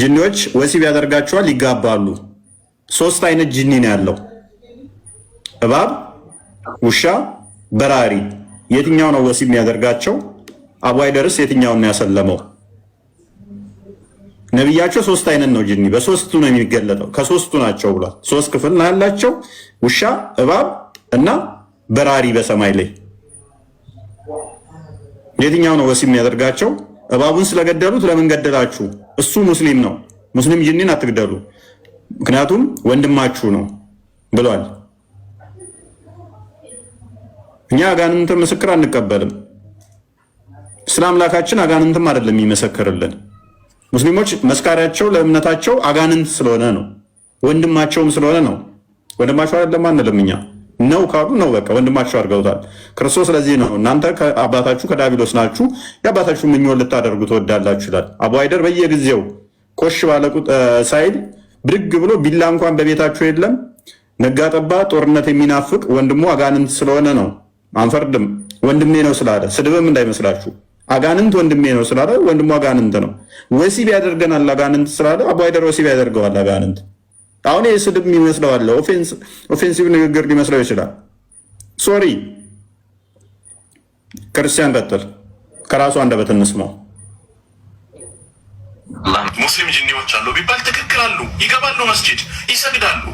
ጅኒዎች ወሲብ ያደርጋቸዋል፣ ይጋባሉ። ሶስት አይነት ጅኒ ነው ያለው፣ እባብ፣ ውሻ፣ በራሪ። የትኛው ነው ወሲብ የሚያደርጋቸው? አቡሃይደርስ የትኛውን ነው ያሰለመው? ነቢያቸው ሶስት አይነት ነው ጅኒ፣ በሶስቱ ነው የሚገለጠው። ከሶስቱ ናቸው ብሏል። ሶስት ክፍል ነው ያላቸው፣ ውሻ፣ እባብ እና በራሪ በሰማይ ላይ። የትኛው ነው ወሲብ የሚያደርጋቸው? እባቡን ስለገደሉት ለምን ገደላችሁ? እሱ ሙስሊም ነው፣ ሙስሊም ጂኒን አትግደሉ፣ ምክንያቱም ወንድማችሁ ነው ብሏል። እኛ አጋንንትን ምስክር አንቀበልም። ስለ አምላካችን አጋንንትም አይደለም የሚመሰክርልን። ሙስሊሞች መስካሪያቸው ለእምነታቸው አጋንንት ስለሆነ ነው፣ ወንድማቸውም ስለሆነ ነው። ወንድማቸው አይደለም አንልም እኛ ነው ካሉ ነው በቃ ወንድማችሁ አድርገውታል። ክርስቶስ ለዚህ ነው እናንተ አባታችሁ ከዳቢሎስ ናችሁ፣ የአባታችሁ ምኞን ልታደርጉ ትወዳላችሁ ይላል። አቡ አይደር በየጊዜው ኮሽ ባለ ሳይል ብድግ ብሎ ቢላ እንኳን በቤታችሁ የለም። ነጋጠባ ጦርነት የሚናፍቅ ወንድሙ አጋንንት ስለሆነ ነው። አንፈርድም ወንድሜ ነው ስላለ ስድብም እንዳይመስላችሁ። አጋንንት ወንድሜ ነው ስላለ ወንድሙ አጋንንት ነው። ወሲብ ያደርገናል አጋንንት ስላለ አቡ አይደር ወሲብ ያደርገዋል አጋንንት አሁን ስድብ ይመስለዋል፣ ኦፌንሲቭ ንግግር ሊመስለው ይችላል። ሶሪ ክርስቲያን ቀጥል፣ ከራሱ አንደበት እንስማው። ሙስሊም ጅኒዎች አሉ ቢባል ትክክል አሉ። ይገባሉ መስጂድ ይሰግዳሉ።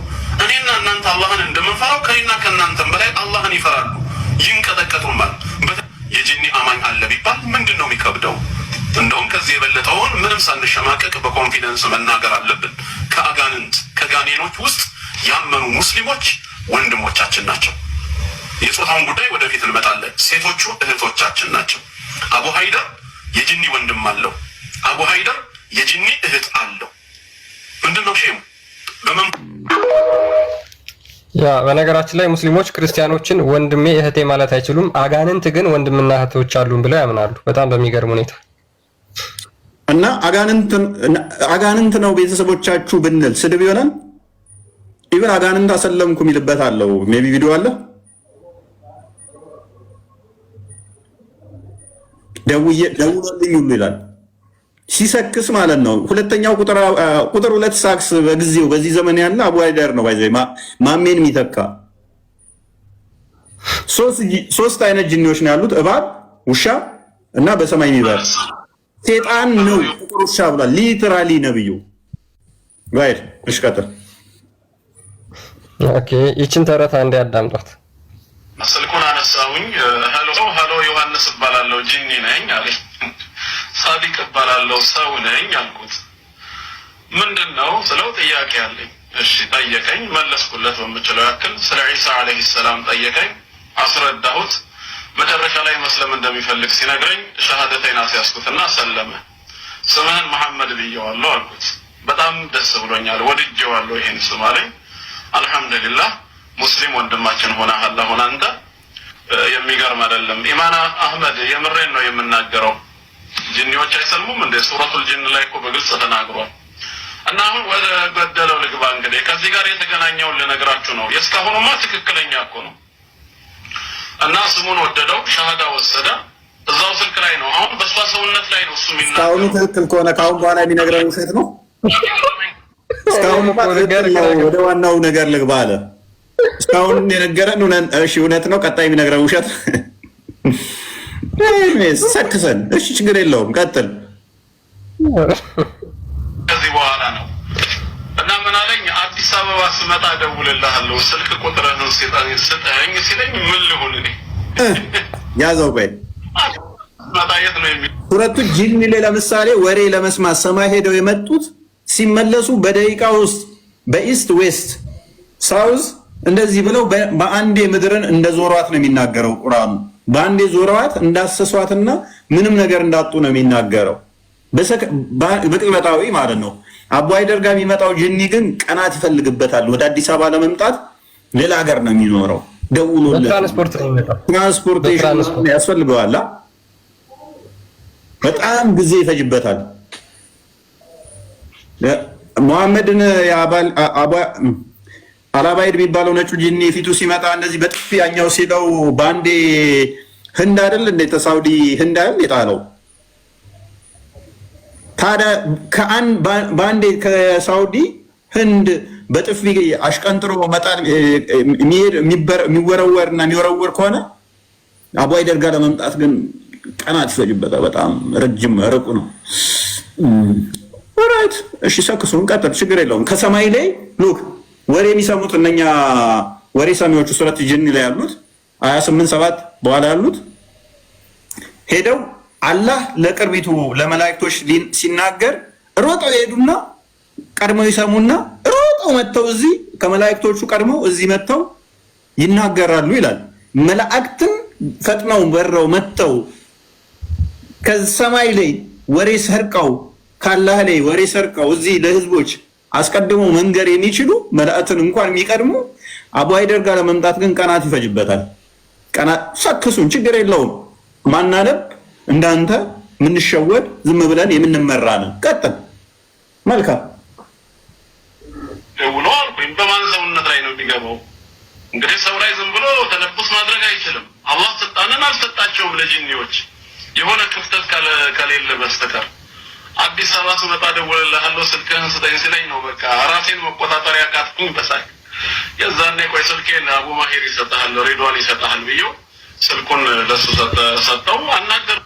እኔና እናንተ አላህን እንደምንፈራው ከኔና ከእናንተም በላይ አላህን ይፈራሉ። ይንቀጠቀጡባል። የጅኒ አማኝ አለ ቢባል ምንድን ነው የሚከብደው? እንደውም ከዚህ የበለጠውን ምንም ሳንሸማቀቅ በኮንፊደንስ መናገር አለብን። ሙስሊሞች ውስጥ ያመኑ ሙስሊሞች ወንድሞቻችን ናቸው። የጾታውን ጉዳይ ወደፊት እንመጣለን። ሴቶቹ እህቶቻችን ናቸው። አቡ ሀይደር የጅኒ ወንድም አለው። አቡ ሀይደር የጅኒ እህት አለው። ምንድን ነው ሼሙ? ያ በነገራችን ላይ ሙስሊሞች ክርስቲያኖችን ወንድሜ እህቴ ማለት አይችሉም። አጋንንት ግን ወንድምና እህቶች አሉን ብለው ያምናሉ። በጣም በሚገርም ሁኔታ እና አጋንንት ነው ቤተሰቦቻችሁ ብንል ስድብ ይሆናል። ኢቨን አጋንንት አሰለምኩ የሚልበት አለው። ሜይ ቢ ቪዲዮ አለ። ደውዬ ደውሎልኝ ሁሉ ይላል። ሲሰክስ ማለት ነው። ሁለተኛው ቁጥር ሁለት ሳክስ በጊዜው በዚህ ዘመን ያለ አቡ ነው። ባይዘ ማሜን የሚተካ ሶስት አይነት ጅኒዎች ነው ያሉት፣ እባብ፣ ውሻ እና በሰማይ የሚበር ሴጣን ነው። ቁጥር ውሻ ብሏል ሊትራሊ ነብዩ ጋይድ እሽቀጥር ኦኬ፣ ይችን ተረት አንዴ ያዳምጧት። ስልኩን አነሳሁኝ። ሄሎ ሄሎ፣ ዮሐንስ እባላለሁ ጂኒ ነኝ አለኝ። ሳዲቅ እባላለሁ ሰው ነኝ አልኩት። ምንድን ነው ስለው ጥያቄ አለኝ። እሺ ጠየቀኝ፣ መለስኩለት በምችለው ያክል። ስለ ዒሳ አለይሂ ሰላም ጠየቀኝ፣ አስረዳሁት። መጨረሻ ላይ መስለም እንደሚፈልግ ሲነግረኝ ሸሃደተይን አስያዝኩትና ሰለመ። ስምህን መሐመድ ብየዋለሁ አልኩት። በጣም ደስ ብሎኛል፣ ወድጄዋለሁ ይሄን ስም አለኝ። አልሐምዱሊላህ ሙስሊም ወንድማችን ሆነሃል። አሁን አንተ የሚገርም አይደለም። ኢማን አህመድ የምሬን ነው የምናገረው። ጂኒዎች አይሰልሙም እንደ ሱረቱል ጂን ላይ እኮ በግልጽ ተናግሯል። እና አሁን ወደ ገደለው ልግባ። እንግዲህ ከዚህ ጋር የተገናኘውን ልነግራችሁ ነው። የእስካሁኑማ ትክክለኛ እኮ ነው። እና ስሙን ወደደው ሻሃዳ ወሰደ። እዛው ስልክ ላይ ነው። አሁን በእሷ ሰውነት ላይ ነው እሱ የሚናገረው። እስካሁኑ ትክክል ከሆነ ከአሁን በኋላ የሚነግረው ውሸት ነው። እስካሁን ወደ ዋናው ነገር ልግባ አለ። እስካሁን የነገረን እሺ እውነት ነው፣ ቀጣይ የሚነግረን ውሸት ሰክሰን። እሺ ችግር የለውም ቀጥል። ከዚህ በኋላ ነው እና ምን አለኝ፣ አዲስ አበባ ስመጣ እደውልልሃለሁ ስልክ ቁጥርህን ስጠኝ ሲለኝ ምን ልሁን እኔ ያዘው ቆይ ሱረቱ ጂኒ ለምሳሌ ወሬ ለመስማት ሰማይ ሄደው የመጡት ሲመለሱ በደቂቃ ውስጥ በኢስት ዌስት ሳውዝ እንደዚህ ብለው በአንዴ ምድርን እንደ ዞሯት ነው የሚናገረው ቁርአኑ። በአንዴ ዞሯት እንዳሰሷትና ምንም ነገር እንዳጡ ነው የሚናገረው በቅጽበታዊ ማለት ነው። አቡ ደርጋ የሚመጣው ጅኒ ግን ቀናት ይፈልግበታል። ወደ አዲስ አበባ ለመምጣት ሌላ ሀገር ነው የሚኖረው። ደውሎለት ትራንስፖርቴሽን ያስፈልገዋል። በጣም ጊዜ ይፈጅበታል። መሐመድን አላባይድ የሚባለው ነጩ ጅኒ ፊቱ ሲመጣ እንደዚህ በጥፊ ያኛው ሲለው በአንዴ ህንድ አይደል እንደ ተሳውዲ ህንድ አይደል የጣለው ታዲያ በአንዴ ከሳውዲ ህንድ በጥፊ አሽቀንጥሮ መጣል የሚወረወር እና የሚወረወር ከሆነ አቡይደር ጋር ለመምጣት ግን ቀናት ይፈጅበታል። በጣም ረጅም ርቁ ነው። ኦራይት እሺ፣ ሰክሱን ቀጥል፣ ችግር የለውም። ከሰማይ ላይ ሉክ ወሬ የሚሰሙት እነኛ ወሬ ሰሚዎቹ ሱረት ጅን ላይ ያሉት ሀያ ስምንት ሰባት በኋላ ያሉት ሄደው አላህ ለቅርቢቱ ለመላእክቶች ሲናገር ሮጠው ይሄዱና ቀድመው ይሰሙና ሮጠው መጥተው እዚህ ከመላእክቶቹ ቀድመው እዚህ መጥተው ይናገራሉ ይላል። መላእክትን ፈጥነው በረው መጥተው ከሰማይ ላይ ወሬ ሰርቀው ካላህ ላይ ወሬ ሰርቀው እዚህ ለህዝቦች አስቀድሞ መንገር የሚችሉ መልእክትን እንኳን የሚቀድሙ አቡ ሀይደር ጋር ለመምጣት ግን ቀናት ይፈጅበታል። ቀናት ሰክሱን ችግር የለውም ማናነብ እንዳንተ የምንሸወድ ዝም ብለን የምንመራ ነው። ቀጥል። መልካም ደውሎ በማን ሰውነት ላይ ነው የሚገባው? እንግዲህ ሰው ላይ ዝም ብሎ ተነብስ ማድረግ አይችልም። አላህ ስልጣንን አልሰጣቸውም ለጂኒዎች የሆነ ክፍተት ከሌለ በስተቀር አዲስ አበባ ስመጣ ደውልልሃለሁ ስልክህን ስጠኝ ሲለኝ ነው በቃ ራሴን መቆጣጠሪያ ያቃትኩኝ በሳቅ። የዛኔ ቆይ ስልኬን አቡ ማሄር ይሰጠሃል ሬድዋን ይሰጠሃል ብዬው ስልኩን ለሱ ሰጠው አናገር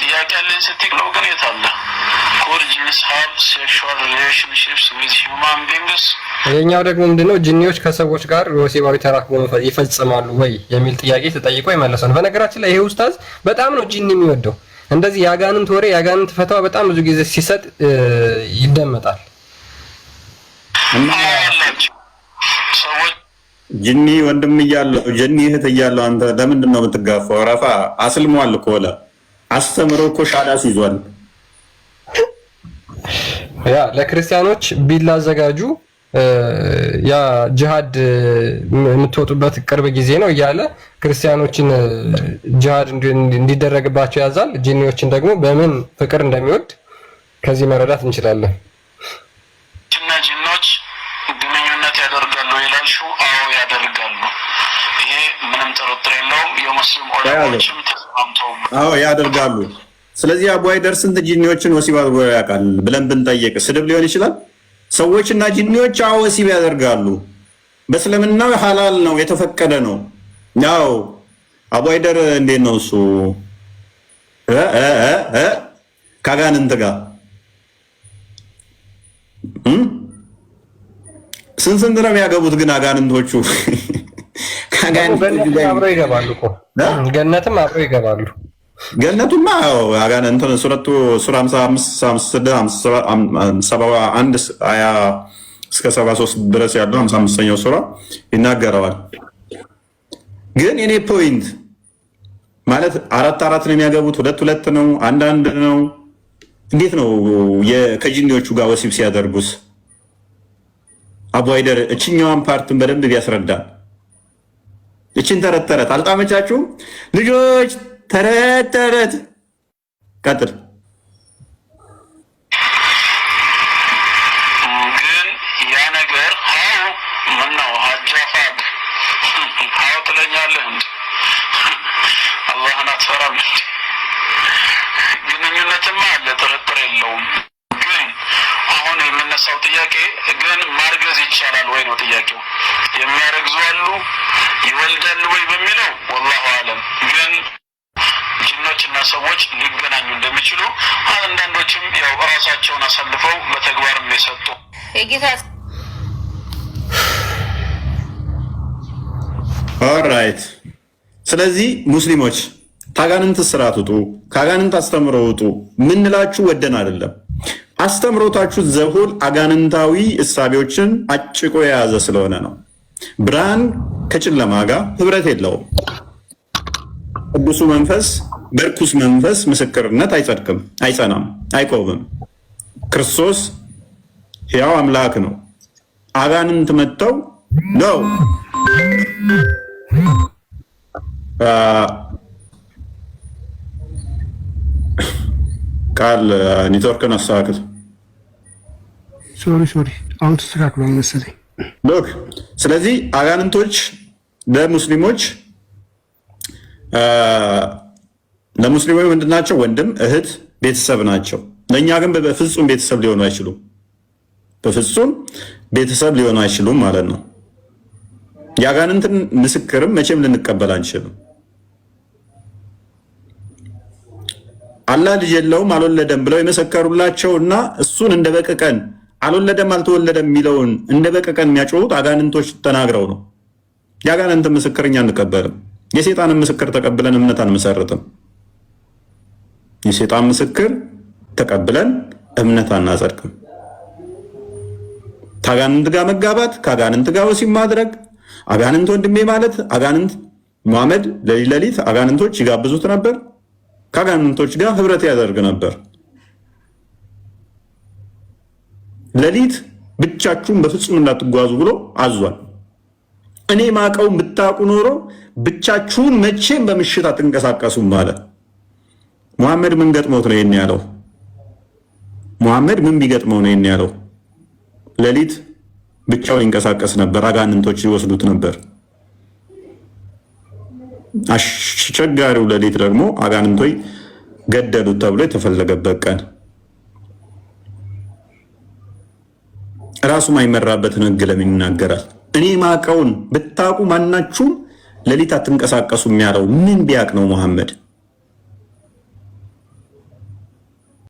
ጥያቄ ያለን ስትክ ነው ግን የታለ ኩል ጂንስ ሀብ ሴክሹዋል ሪሌሽንሽፕስ ዊዝ ሂውማን ቢንግስ ይህኛው ደግሞ ምንድነው ጅኒዎች ከሰዎች ጋር ወሲባዊ ተራክቦ ይፈጽማሉ ወይ የሚል ጥያቄ ተጠይቆ ይመለሰ ነው። በነገራችን ላይ ይሄ ውስታዝ በጣም ነው ጂኒ የሚወደው እንደዚህ የአጋንንት ወሬ የአጋንንት ፈተዋ በጣም ብዙ ጊዜ ሲሰጥ ይደመጣል። ጅኒ ወንድም እያለው ጅኒ እህት እያለው አንተ ለምንድን ነው የምትጋፋው? ረፋ አስልሟል እኮ ላ አስተምሮ እኮ ሻዳስ ይዟል። ያ ለክርስቲያኖች ቢላ አዘጋጁ ያ ጅሃድ የምትወጡበት ቅርብ ጊዜ ነው እያለ ክርስቲያኖችን ጅሃድ እንዲደረግባቸው ያዛል። ጂኒዎችን ደግሞ በምን ፍቅር እንደሚወድ ከዚህ መረዳት እንችላለን። ጂኖች ግንኙነት ያደርጋሉ ይላል። አዎ ያደርጋሉ። ይሄ ምንም ጥርጥር የለውም። የሙስሊም ዑለማዎችም ተስማምተውበት አዎ ያደርጋሉ። ስለዚህ አቡ ሃይደር ስንት ጂኒዎችን ወሲብ አድርጎ ያውቃል ብለን ብንጠየቅ ስድብ ሊሆን ይችላል። ሰዎችና ጅኒዎች አዎ ወሲብ ያደርጋሉ። በእስልምና ሐላል ነው፣ የተፈቀደ ነው። ያው አቧይደር እንዴት ነው እሱ ከአጋንንት ጋር ስንት ስንት ነው የሚያገቡት? ግን አጋንንቶቹ ይገባሉ፣ ገነትም አብረው ይገባሉ። ገነቱማ እንትን ሱረቱ ሱራ አንድ ሀያ እስከ ሰባ ድረስ ያለው ሱራ ይናገረዋል። ግን እኔ ፖይንት ማለት አራት አራት ነው የሚያገቡት፣ ሁለት ሁለት ነው፣ አንድ አንድ ነው። እንዴት ነው ከጂኒዎቹ ጋር ወሲብ ሲያደርጉስ? አቦይደር እችኛዋን ፓርትን በደንብ ቢያስረዳ። እችን ተረት ተረት አልጣመቻችሁም ልጆች ተረት ተረት ቀጥል ግን ያ ነገር ሀው ምነው አጃፋት ሀው ትለኛለህ እንዴ? አላህን አትፈራም? ግንኙነትማ አለ ጥርጥር የለውም። ግን አሁን የምነሳው ጥያቄ ግን ማርገዝ ይቻላል ወይ ነው ጥያቄው። የሚያረግዙ አሉ ይወልዳሉ ወይ በሚለው ወላሁ አለም ግን ሰዎችና ሰዎች ሊገናኙ እንደሚችሉ አንዳንዶችም ያው እራሳቸውን አሳልፈው በተግባርም የሰጡ ኦራይት። ስለዚህ ሙስሊሞች ከአጋንንት ስርዓት ውጡ፣ ከአጋንንት አስተምሮ ውጡ። ምንላችሁ ወደን አይደለም አስተምሮታችሁ ዘሁል አጋንንታዊ እሳቤዎችን አጭቆ የያዘ ስለሆነ ነው። ብርሃን ከጨለማ ጋር ህብረት የለውም። ቅዱሱ መንፈስ በርኩስ መንፈስ ምስክርነት አይጸድቅም፣ አይጸናም፣ አይቆምም። ክርስቶስ ሕያው አምላክ ነው። አጋንንት መጥተው ነው ቃል ኔትወርክን አስተካክል። ሶሪ ሶሪ፣ አሁን ተስተካክሎ መሰለኝ። ሎክ ስለዚህ አጋንንቶች ለሙስሊሞች ለሙስሊሞች ምንድን ናቸው? ወንድም፣ እህት፣ ቤተሰብ ናቸው። ለእኛ ግን በፍጹም ቤተሰብ ሊሆኑ አይችሉም። በፍጹም ቤተሰብ ሊሆኑ አይችሉም ማለት ነው። የአጋንንትን ምስክርም መቼም ልንቀበል አንችልም። አላህ ልጅ የለውም አልወለደም ብለው የመሰከሩላቸው እና እሱን እንደ በቀቀን አልወለደም አልተወለደም የሚለውን እንደ በቀቀን የሚያጮሁት አጋንንቶች ተናግረው ነው። የአጋንንትን ምስክር እኛ አንቀበልም። የሴጣንን ምስክር ተቀብለን እምነት አንመሰርትም። የሴጣን ምስክር ተቀብለን እምነት አናጸድቅም። ከአጋንንት ጋር መጋባት፣ ከአጋንንት ጋር ወሲብ ማድረግ፣ አጋንንት ወንድሜ ማለት አጋንንት መሐመድ ለሊት ለሊት አጋንንቶች ይጋብዙት ነበር። ከአጋንንቶች ጋር ህብረት ያደርግ ነበር። ለሊት ብቻችሁን በፍጹም እንዳትጓዙ ብሎ አዟል። እኔ ማቀውን ብታውቁ ኖሮ ብቻችሁን መቼም በምሽት አትንቀሳቀሱም ማለት ሙሐመድ ምን ገጥሞት ነው ይሄን ያለው? ሙሐመድ ምን ቢገጥመው ነው ይሄን ያለው? ሌሊት ብቻውን ይንቀሳቀስ ነበር፣ አጋንንቶች ይወስዱት ነበር። አስቸጋሪው ሌሊት ደግሞ አጋንንቶች ገደሉት ተብሎ የተፈለገበት ቀን ራሱ ማይመራበትን ህግ ለምን ይናገራል? እኔ ማቀውን ብታውቁ ማናችሁም ሌሊት አትንቀሳቀሱም ያለው ምን ቢያቅ ነው ሙሐመድ?